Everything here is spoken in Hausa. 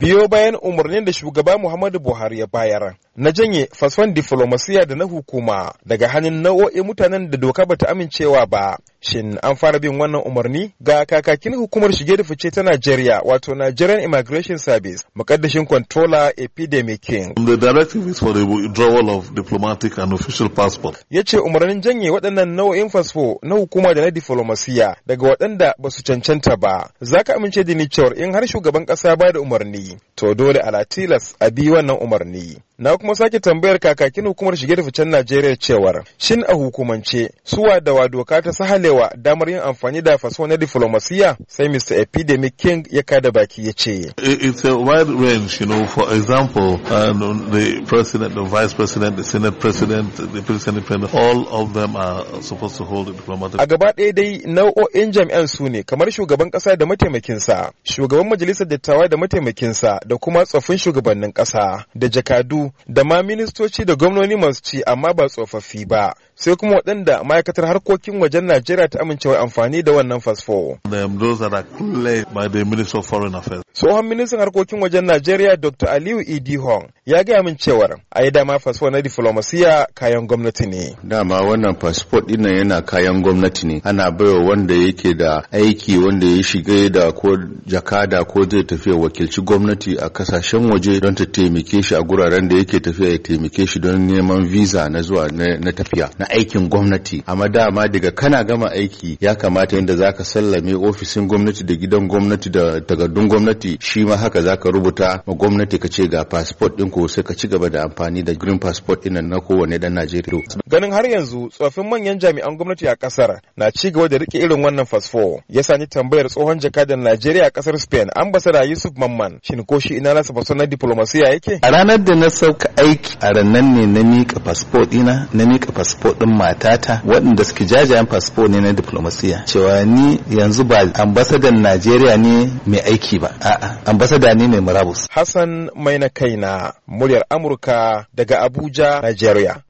biyo bayan umarnin da shugaba Muhammadu Buhari ya bayar na janye fasfan diflomasiya da na hukuma daga hannun nau'o'in mutanen da doka ba ta amincewa ba shin an fara bin wannan umarni ga kakakin hukumar shige da fice ta Najeriya wato Nigerian Immigration Service mukaddashin controller Epidemic King the directive is for the withdrawal of diplomatic and official passport ce umarnin janye waɗannan nau'in fasfo na hukuma da na diflomasiya daga waɗanda ba su cancanta ba Za ka amince da ni cewar in har shugaban ƙasa ba da umarni to dole a latilas a bi wannan umarni na kuma sake tambayar kakakin hukumar shige da ficen Najeriya cewar shin a hukumance suwa da wa doka ta sahalewa damar yin amfani da faso na diflomasiya sai Mr. Epidemic King ya kada baki ya ce. It's a wide range, you know, for example, and uh, the president, the vice president, the senate president, the president, all of them are supposed to hold a diplomatic. A gaba ɗaya dai nau'o'in jami'an su ne kamar shugaban kasa da mataimakinsa, shugaban majalisar dattawa da mataimakinsa da kuma tsoffin shugabannin ƙasa da jakadu da ma ministoci da gwamnoni masu ci amma ba tsofaffi ba sai kuma waɗanda ma'aikatar harkokin wajen Najeriya ta amincewa amfani da wannan fasfo. Tsohon ministan harkokin wajen Najeriya Dr. Aliyu Idi Hong ya gaya min cewar a yi dama fasfo na diflomasiya kayan gwamnati ne. Dama wannan fasfo ɗin yana kayan gwamnati ne. Ana baiwa wanda yake da aiki wanda ya shiga da ko jakada ko zai tafiya wakilci gwamnati a kasashen waje don ta taimake shi a guraren da yake tafiya ya taimake shi don neman visa na zuwa na tafiya. na aikin gwamnati amma dama daga kana gama aiki ya kamata yadda ka sallame ofisin gwamnati da gidan gwamnati da takardun gwamnati shi ma haka ka rubuta ma gwamnati ka ce ga passport din ko sai ka ci gaba da amfani da green passport din na kowane dan Najeriya ganin har yanzu tsofaffin manyan jami'an gwamnati a kasar na ci gaba da rike irin wannan fasfo Ya sani tambayar tsohon jakadan Najeriya a kasar Spain ambassador Yusuf Mamman shin ko shi ina nasa na diplomasiya yake a ranar da na sauka aiki a ranar ne na mika passport ina na mika passport din matata waɗanda suke jajayen fasfo ne na diplomasiya cewa ni yanzu ba ambasadan Najeriya ne mai aiki ba a'a ambasada ne mai murabus Hassan Maina Kaina muryar Amurka daga Abuja Najeriya